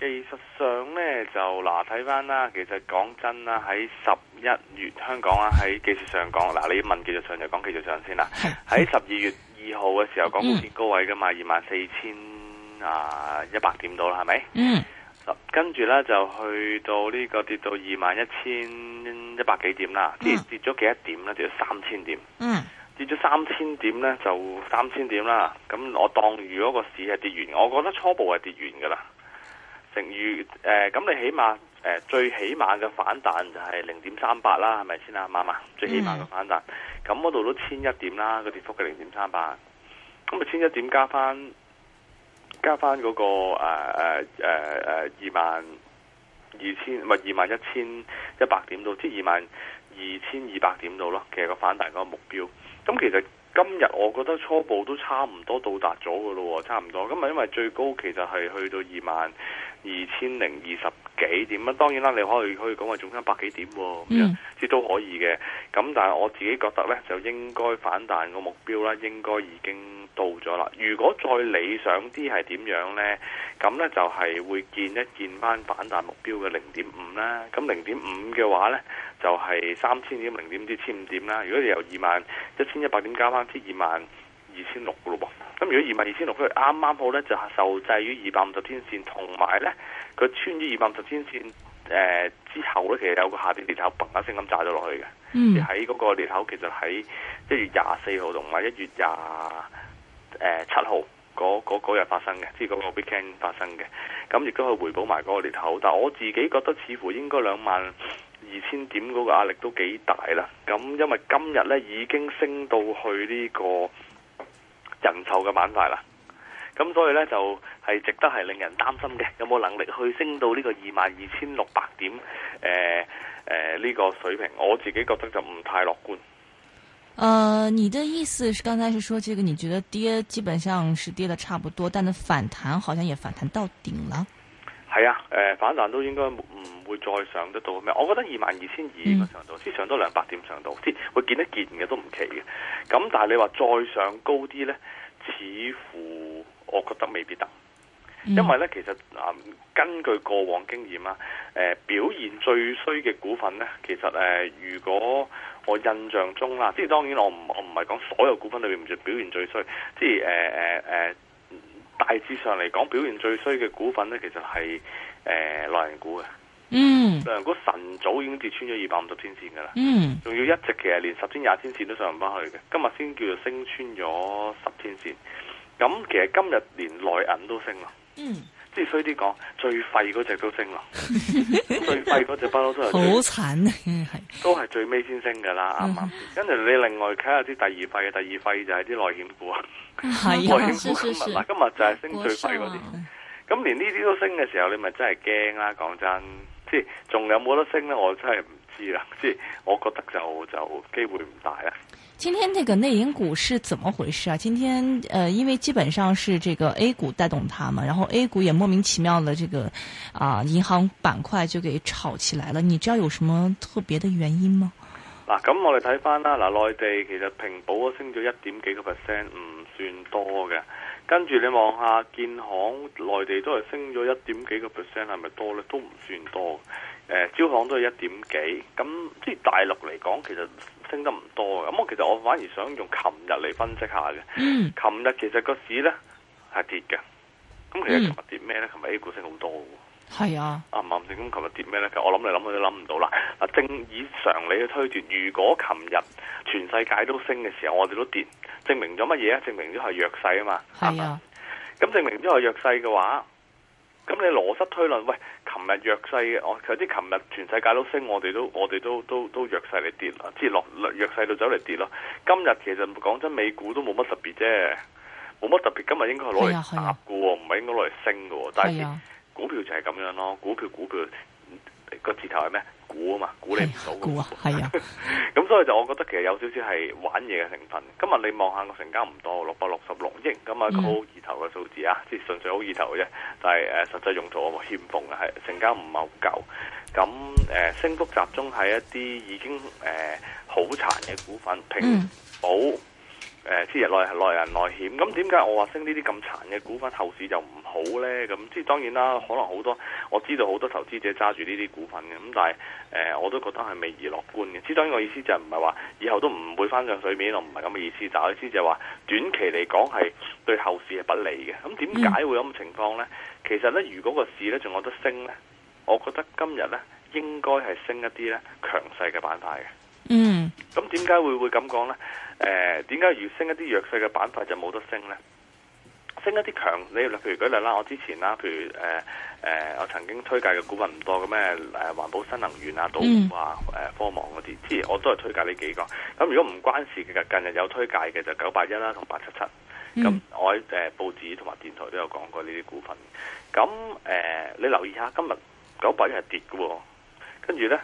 技術上咧就嗱睇翻啦，其實講真啦，喺十一月香港啊，喺技術上講，嗱你問技術上就講技術上先啦。喺十二月二號嘅時候，港股見高位噶嘛，二萬四千啊一百點度啦，係咪？嗯。跟住咧就去到呢、這個跌到二萬一千一百幾點啦，跌跌咗幾多點咧？跌咗三千點。嗯。跌咗三千點咧，就三千點啦。咁我當如果個市係跌完，我覺得初步係跌完噶啦。剩餘誒，咁、呃、你起碼誒、呃，最起碼嘅反彈就係零點三八啦，係咪先啊？啱啱，最起碼嘅反彈，咁嗰度都千一點啦，個跌幅嘅零點三八，咁啊千一點加翻，加翻嗰、那個誒誒誒二萬二千，唔係二萬一千一百點到，即係二萬二千二百點到咯。其實個反彈嗰個目標，咁其實今日我覺得初步都差唔多到達咗嘅咯，差唔多。咁啊因為最高其實係去到二萬二千零二十幾點啊？當然啦，你可以可以講話總升百幾點喎，咁、mm. 樣，即都可以嘅。咁但係我自己覺得呢，就應該反彈個目標啦，應該已經到咗啦。如果再理想啲係點樣呢？咁呢就係會見一見翻反彈目標嘅零點五啦。咁零點五嘅話呢，就係三千點零點至千五點啦。如果你由二萬一千一百點加翻至二萬二千六嘅咯。咁如果二萬二千六，佢啱啱好咧就受制於二百五十天線，同埋咧佢穿於二百五十天線誒、呃、之後咧，其實有個下跌裂口砰一聲咁炸咗落去嘅。嗯，喺嗰個裂口其實喺一月廿四號同埋一月廿誒七號嗰日、那個、那天發生嘅，即係嗰個 weekend 發生嘅。咁亦都去回補埋嗰個裂口，但係我自己覺得似乎應該兩萬二千點嗰個壓力都幾大啦。咁因為今日咧已經升到去呢、這個。人壽嘅板塊啦，咁所以呢，就係、是、值得係令人擔心嘅，有冇能力去升到呢個二萬二千六百點？誒誒呢個水平，我自己覺得就唔太樂觀。誒、呃，你的意思是，剛才是說，這個你覺得跌基本上是跌得差不多，但係反彈好像也反彈到頂了。係啊，誒反彈都應該唔會再上得到咩？我覺得二萬二千二應該上到，即上多兩百點上到，即會見得見嘅都唔奇嘅。咁但係你話再上高啲呢，似乎我覺得未必得，因為呢，其實、嗯、根據過往經驗啊，誒、呃、表現最衰嘅股份呢，其實誒、呃、如果我印象中啦，即係當然我唔我唔係講所有股份裏面表現最衰，即係誒誒大致上嚟講，表現最衰嘅股份呢，其實係誒內銀股嘅。嗯，內銀股晨早已經跌穿咗二百五十天綫㗎喇。嗯，仲要一直其實連十天、廿天綫都上唔翻去嘅，今日先叫做升穿咗十天綫。咁其實今日連內銀都升咯。嗯。即係衰啲講，最廢嗰隻都升啦， 最廢嗰隻不嬲都係好慘、啊，都係最尾先升噶啦，啱、嗯、啱？跟住你另外睇下啲第二廢嘅，第二廢就係啲內險股啊，內險股今日今日就係升最廢嗰啲，咁連呢啲都升嘅時候，你咪真係驚啦！講真，即係仲有冇得升咧？我真係唔知啦，即係我覺得就就機會唔大啦。今天那個內銀股是怎麼回事啊？今天，呃，因為基本上是這個 A 股帶動它嘛，然後 A 股也莫名其妙的這個，啊、呃，銀行板塊就給炒起來了。你知道有什麼特別的原因嗎？嗱，咁、嗯、我哋睇翻啦，嗱，內地其實平保升咗一點幾個 percent，唔算多嘅。跟住你望下建行，內地都係升咗一點幾個 percent，係咪多咧？都唔算多的。誒、呃，招行都係一點幾。咁、嗯、即係大陸嚟講，其實。升得唔多嘅，咁我其實我反而想用琴日嚟分析下嘅。嗯，琴日其實個市咧係跌嘅，咁其實琴日跌咩咧？嗯，琴日 A 股升好多喎。係啊。啱唔啱，咁琴日跌咩咧？其實我諗嚟諗去都諗唔到啦。正以常理去推斷，如果琴日全世界都升嘅時候，我哋都跌，證明咗乜嘢啊？證明咗係弱勢啊嘛。係啊。咁證明咗係弱勢嘅話，咁你邏輯推論，喂？琴日弱勢嘅，我有啲琴日全世界都升，我哋都我哋都都都弱勢嚟跌啦，即係落弱勢到走嚟跌咯。今日其實講真，美股都冇乜特別啫，冇乜特別。今日應該係攞嚟搭嘅喎，唔係、啊啊、應該攞嚟升嘅喎。但係股票就係咁樣咯，股票股票。個字頭係咩？估啊嘛，估你唔到嘅，係啊，咁、啊、 所以就我覺得其實有少少係玩嘢嘅成分。今日你望下個成交唔多，六百六十六億，咁、嗯、啊一個好意頭嘅數字啊，即係純粹好意頭嘅啫。但係誒、呃、實際用途我欠奉嘅，係成交唔係好夠。咁誒、呃、升幅集中喺一啲已經誒好殘嘅股份，平保、嗯。誒、呃，即日內內銀內險，咁點解我話升呢啲咁殘嘅股份後市就唔好呢？咁即係當然啦，可能好多我知道好多投資者揸住呢啲股份嘅，咁但係誒、呃，我都覺得係未宜樂觀嘅。即係當然，我意思就唔係話以後都唔會翻上水面，我唔係咁嘅意思，但我意思就係話短期嚟講係對後市係不利嘅。咁點解會有咁情況呢？其實呢，如果個市呢仲有得升呢，我覺得今日呢應該係升一啲呢強勢嘅板塊嘅。嗯，咁點解會會咁講呢？誒、呃，點解越升一啲弱勢嘅板塊就冇得升呢？升一啲強，你例如舉例啦，我之前啦，譬如，誒誒、呃呃，我曾經推介嘅股份唔多嘅咩環保、新能源啊，賭啊，誒、啊，科網嗰啲，即係我都係推介呢幾個。咁如果唔關事嘅，近日有推介嘅就九八一啦，同八七七。咁我喺報紙同埋電台都有講過呢啲股份。咁誒、呃，你留意下今日九八一係跌嘅，跟住呢。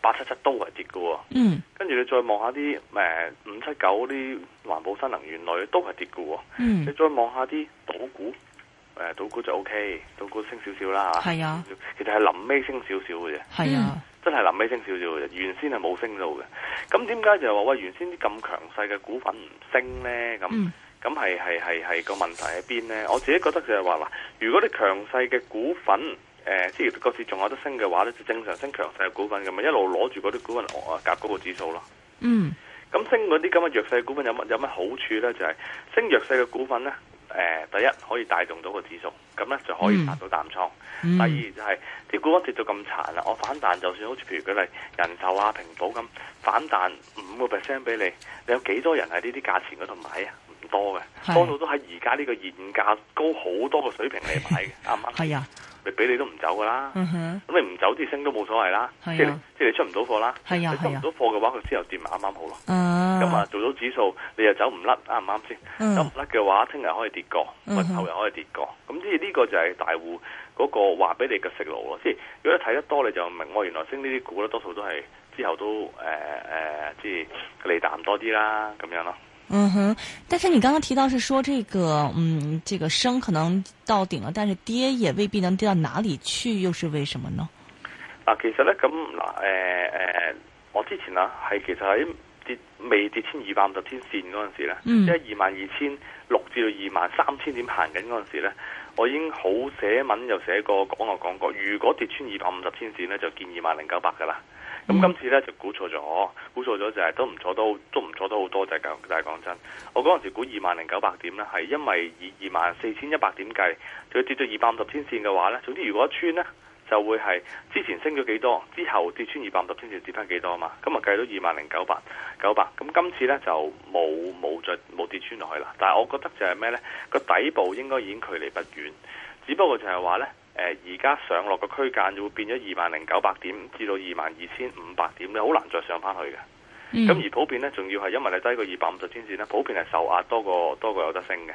八七七都係跌嘅，嗯，跟住你再望下啲，誒、呃，五七九啲環保新能源類都係跌嘅，嗯，你再望下啲賭股，誒、呃，賭股就 OK，賭股升少少啦吓，係啊，其實係臨尾升少少嘅啫，係啊，真係臨尾升少少嘅啫，原先係冇升到嘅，咁點解就係話喂，原先啲咁強勢嘅股份唔升咧，咁，咁係係係係個問題喺邊咧？我自己覺得就係話嗱，如果你強勢嘅股份，誒，即係嗰次仲有得升嘅話咧，就正常升強勢嘅股份咁啊，一路攞住嗰啲股份夾嗰個指數咯。嗯，咁、嗯、升嗰啲咁嘅弱勢股份有乜有乜好處咧？就係升弱勢嘅股份咧，誒，第一可以帶動到個指數，咁咧就可以刷到淡倉、嗯嗯。第二就係、是、啲股一跌到咁殘啦，我反彈就算，好似譬如舉例人壽啊、平保咁反彈五個 percent 俾你，你有幾多人喺呢啲價錢嗰度買啊？唔多嘅，多數都喺而家呢個現價高好多個水平嚟買嘅，啱唔啱？係啊。 你俾你都唔走噶啦，咁、嗯、你唔走啲升都冇所謂啦、啊、即係即係出唔到貨啦、啊，你出唔到貨嘅話佢之後跌咪啱啱好咯，咁、嗯、啊做到指數你又走唔甩啱唔啱先？走唔甩嘅話聽日可以跌過，後、嗯、日可以跌過，咁即係呢個就係大戶嗰個話俾你嘅食路咯，即係如果睇得多你就明，我原來升呢啲股咧多數都係之後都誒誒，即係利淡多啲啦，咁樣咯。嗯哼，但是你剛剛提到是說，這個嗯，這個升可能到頂了，但是跌也未必能跌到哪裡去，又是為什麼呢？嗱，其實呢，咁嗱，誒、呃、誒、呃，我之前啊係其實喺跌未跌穿二百五十天線嗰陣時咧、嗯，即係二萬二千六至到二萬三千點行緊嗰陣時咧，我已經好寫文又寫過講過講過，如果跌穿二百五十天線呢，就見二萬零九百噶啦。咁今次咧就估錯咗，估錯咗就係都唔錯到，都唔錯到好多就係，但係講真，我嗰陣時估二萬零九百點呢，係因為以二萬四千一百點計，就要跌到二百五十天線嘅話呢。總之如果一穿呢，就會係之前升咗幾多，之後跌穿二百五十天線跌翻幾多啊嘛，今日計到二萬零九百九百，咁今次呢就冇冇再冇跌穿落去啦，但係我覺得就係咩呢？個底部應該已經距離不遠。只不過就係話呢，誒而家上落個區間就會變咗二萬零九百點至到二萬二千五百點，你好難再上返去嘅。咁、嗯、而普遍呢，仲要係因為你低過二百五十天線呢，普遍係受壓多過多過有得升嘅。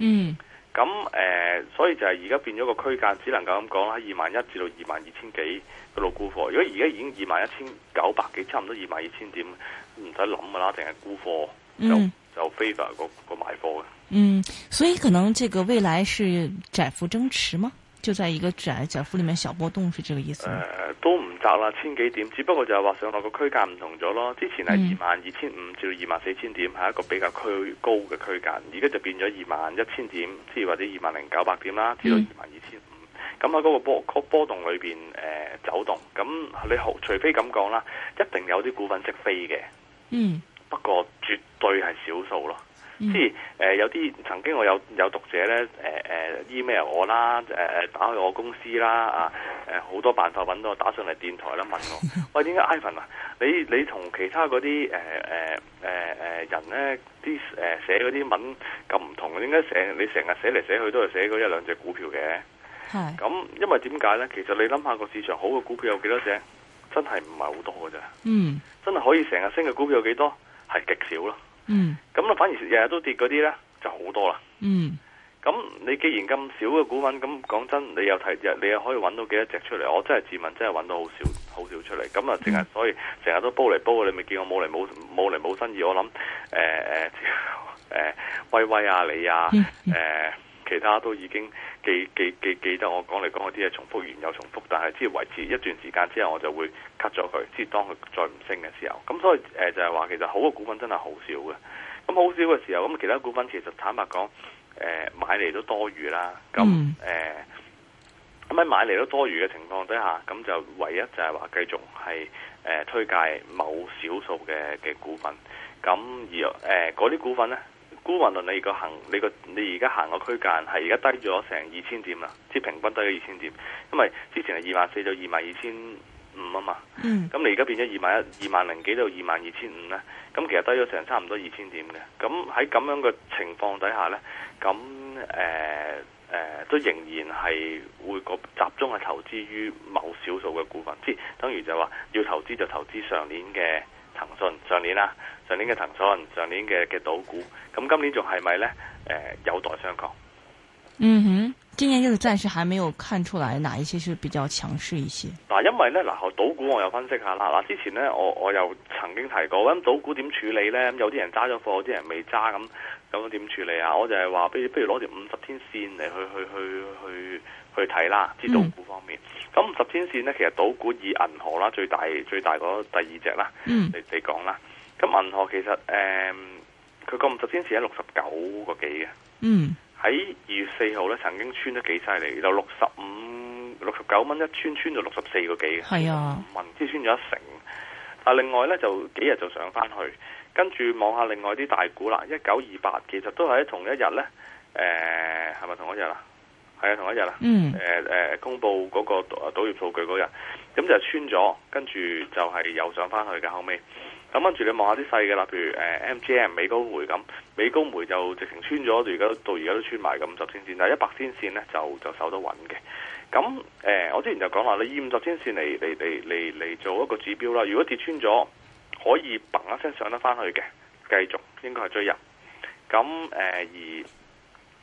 嗯。咁誒、呃，所以就係而家變咗個區間，只能夠咁講啦，二萬一至到二萬二千幾嗰度沽貨。如果而家已經二萬一千九百幾，差唔多二萬二千點，唔使諗噶啦，淨係沽貨，就就飛埋嗰、嗰個賣貨嘅。嗰個嗯，所以可能這個未來是窄幅爭持嗎？就在一個窄窄幅裏面小波動，是這個意思。誒、呃，都唔窄啦，千幾點，只不過就係話上落個區間唔同咗咯。之前係二萬二千五至到二萬四千點係、嗯、一個比較區高嘅區間，而家就變咗二萬一千點，即係或者二萬零九百點啦，至到二萬二千五。咁、嗯、喺嗰個波波波動裏邊誒、呃、走動，咁你好除非咁講啦，一定有啲股份直飛嘅，嗯，不過絕對係少數咯。即、嗯、係有啲曾經我有有讀者咧誒誒 email 我啦，誒、呃、打去我公司啦，啊好、呃、多辦法揾到我，打上嚟電台啦，問我 喂，點解 Ivan 啊，你你同其他嗰啲誒誒人咧啲誒寫嗰啲文咁唔同？點解成你成日寫嚟寫去都係寫嗰一兩隻股票嘅？咁因為點解咧，其實你諗下，個市場好嘅股票有幾多隻？真係唔係好多㗎啫。嗯，真係可以成日升嘅股票有幾多？係極少咯。嗯，咁啊反而日日都跌嗰啲咧就好多啦。嗯，咁你既然咁少嘅股份，咁講真，你又提日，你又可以揾到幾多隻出嚟？我真係自問真係揾到好少，好少出嚟。咁啊，淨係所以成日都煲嚟煲，你未見我冇嚟冇冇嚟冇生意。我諗誒誒誒，威、呃、威、呃呃、啊，你啊，誒、嗯。嗯呃其他都已經記記記記,記得我講嚟講去嗰啲嘢，重複完又重複，但係只係維持一段時間之後，我就會 cut 咗佢，即係當佢再唔升嘅時候。咁所以誒、呃、就係、是、話，其實好嘅股份真係好少嘅。咁好少嘅時候，咁其他股份其實坦白講，誒、呃、買嚟都多餘啦。咁誒咁喺買嚟都多餘嘅情況底下，咁就唯一就係話繼續係誒、呃、推介某少數嘅嘅股份。咁而誒嗰啲股份咧？估雲論你個行，你個你而家行個區間係而家低咗成二千點啦，即平均低咗二千點。因為之前係二萬四到二萬二千五啊嘛，咁、嗯、你而家變咗二萬一、二萬零幾到二萬二千五咧，咁其實低咗成差唔多二千點嘅。咁喺咁樣嘅情況底下呢，咁誒誒都仍然係會個集中係投資於某少數嘅股份，即係等於就話要投資就投資上年嘅。騰訊上年啦，上年嘅騰訊，上年嘅嘅賭股，咁今年仲係咪呢？誒、呃，有待商榷。嗯哼，今日一直暫時還沒有看出來，哪一些是比較強勢一些？嗱，因為呢，嗱，賭股我又分析下啦。嗱，之前呢，我我又曾經提過，咁賭股點處理呢？有啲人揸咗貨，有啲人未揸，咁咁點處理啊？我就係話，不如不如攞條五十天線嚟，去去去去去睇啦，知道。嗯咁五十天線呢，其實賭股以銀河啦，最大最大嗰第二隻啦，嗯、你嚟講啦。咁銀河其實誒，佢個五十天線喺六十九個幾嘅。嗯，喺二、嗯、月四號呢曾經穿咗幾犀利，就六十五、六十九蚊一穿，穿到六十四個幾嘅。係啊，即係穿咗一成。但另外呢，就幾日就上翻去，跟住望下另外啲大股啦。一九二八其實都係同一日呢，誒、呃，係咪同一日啦、啊？係啊，同一日啦。嗯、mm. 呃，誒、呃、誒，公布嗰個賭業數據嗰日，咁就穿咗，跟住就係又上翻去嘅後尾。咁跟住你望下啲細嘅啦，譬如誒 M G M 美高梅咁，美高梅就直情穿咗，而家到而家都，都穿埋咁五十天線，線，但、就、係、是、一百天線，線呢，就就守得穩嘅。咁誒、呃，我之前就講話，你以五十天線嚟嚟嚟嚟嚟做一個指標啦。如果跌穿咗，可以砰一聲上得翻去嘅，繼續應該係追入。咁誒、呃，而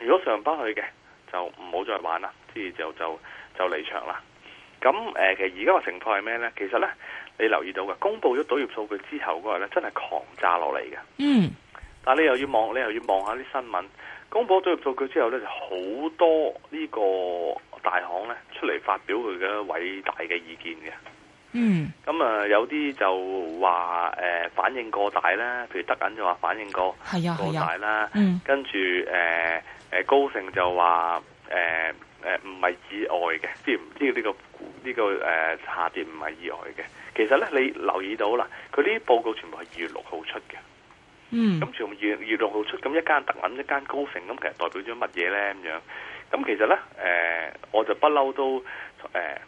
如果上翻去嘅。就唔好再玩啦，即係就就就離場啦。咁誒，其實而家個情況係咩咧？其實咧，你留意到嘅公布咗賭業數據之後，嗰日咧真係狂炸落嚟嘅。嗯。但係你又要望，你又要望下啲新聞。公布咗賭業數據之後咧，就好多呢個大行咧出嚟發表佢嘅偉大嘅意見嘅。嗯。咁啊，有啲就話誒、呃、反應過大啦，譬如德銀就話反應過、啊啊、過大啦、嗯。跟住誒。呃誒高盛就話誒，誒唔係意外嘅，即係唔呢呢個呢、呢個誒下跌唔係意外嘅。其實咧，你留意到啦，佢呢啲報告全部係二月六號出嘅。嗯，咁全部二月六號出，咁一間特銀，一間高盛，咁其實代表咗乜嘢咧？咁樣，咁其實咧，誒、呃、我就不嬲都誒。呃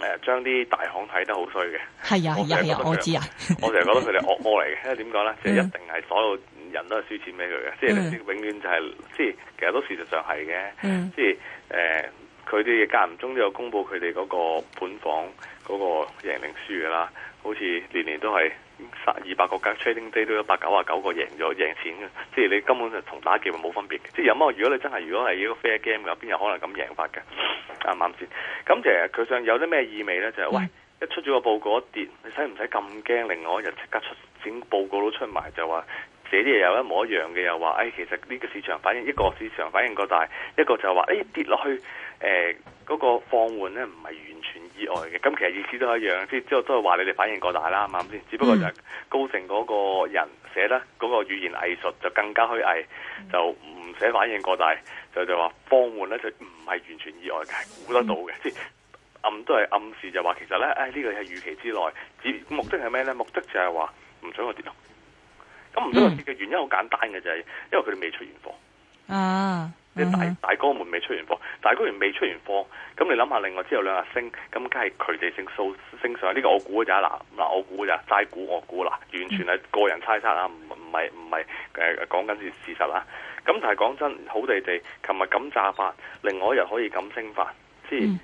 誒將啲大行睇得好衰嘅，係啊係啊係啊，我知啊，我成日覺得佢哋惡魔嚟嘅，因為點講咧？即係一定係所有人都係輸錢俾佢嘅，嗯、即係永遠就係、是、即係其實都事實上係嘅，嗯、即係誒佢哋嘅間唔中都有公布佢哋嗰個盤房嗰、嗰個贏定輸嘅啦，好似年年都係。二百個格 trading day 都一百九啊九個贏咗贏了錢嘅，即係你根本就同打機冇分別嘅。即係有乜？如果你真係如果係一個 fair game 嘅，邊有可能咁贏法嘅？啱唔啱先，咁、嗯嗯嗯、其實佢想有啲咩意味咧？就係、是、喂，一出咗個報告一跌，你使唔使咁驚？另外一日即刻出整個報告都出埋，就話、是。寫啲嘢又一模一樣嘅，又、哎、話：，其實呢個市場反應一個市場反應過大，一個就話、哎：，跌落去，嗰、呃嗰個放緩咧，唔係完全意外嘅。咁其實意思都一樣，即係之後都係話你哋反應過大啦，係咪先？只不過就高盛嗰個人寫得嗰個語言藝術就更加虛偽，就唔寫反應過大，就就話放緩咧就唔係完全意外嘅，估得到嘅，即、就、係、是、暗都係暗示就話其實咧，呢、哎呢個係預期之內。目的係咩咧？目的就係話唔想我跌落。咁唔多跌嘅原因好簡單嘅就係，因為佢哋未出完貨。啊，啲、嗯、大大哥們未出完貨，大哥們未出完貨，咁你諗下，另外之後兩日升，咁梗係佢哋升數升上。呢、呢個我估咋，係啦，嗱我估咋，齋估，我估啦，完全係個人猜測啊，唔唔係唔係講緊事實啊。咁但係講真，好地地，琴日咁炸發，另外一日可以咁升發，即係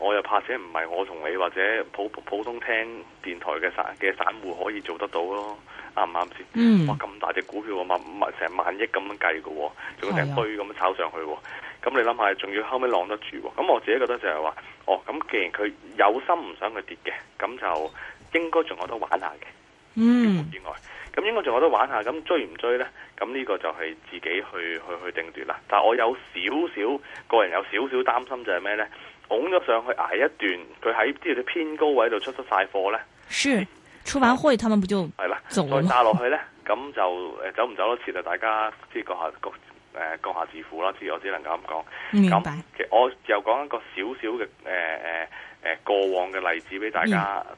我又怕是是我，者唔係我同你或者普普通聽電台嘅散嘅散戶可以做得到咯。啱唔啱先？哇，咁大隻股票成萬億咁樣計嘅喎，仲成堆咁樣炒上去喎。咁你諗下，仲要後尾攔得住喎？咁我自己覺得就係話，哦，咁既然佢有心唔想佢跌嘅，咁就應該仲有得玩下嘅，嗯，意外。咁應該仲有得玩下。咁追唔追咧？咁呢個就係自己去去去定奪啦。但係我有少少個人有少少擔心就係咩咧？拱咗上去捱一段，佢喺啲佢偏高位度出出晒貨咧。出完會，他們不就係啦、呃，走再打落去咧，咁就誒，走唔走得切啦。大家即係各下各誒、呃，各下自負。啦。只我只能咁講。明白。其實我又講一個少少嘅誒誒誒過往嘅例子俾大家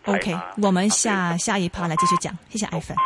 睇下、嗯、O、okay. K，、okay. 我們下、okay. 下一 part 嚟繼續講。謝謝艾粉。